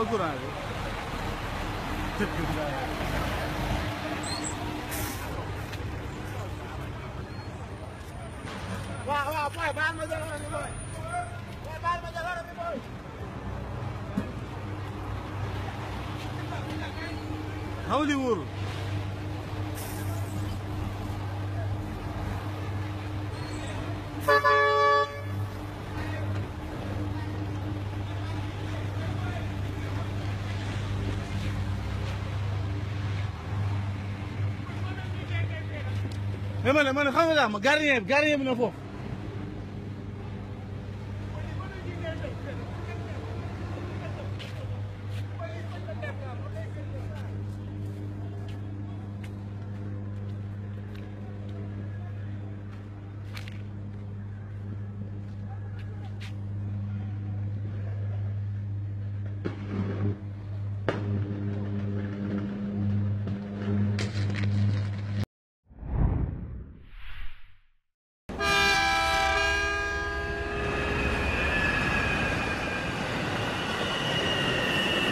Okur abi. Tık tık Wah wah boy, bahan majalah ni boy. Boy, bahan majalah ni boy. Howdy world. mais man man xam nga ma gardien bi gardien bi na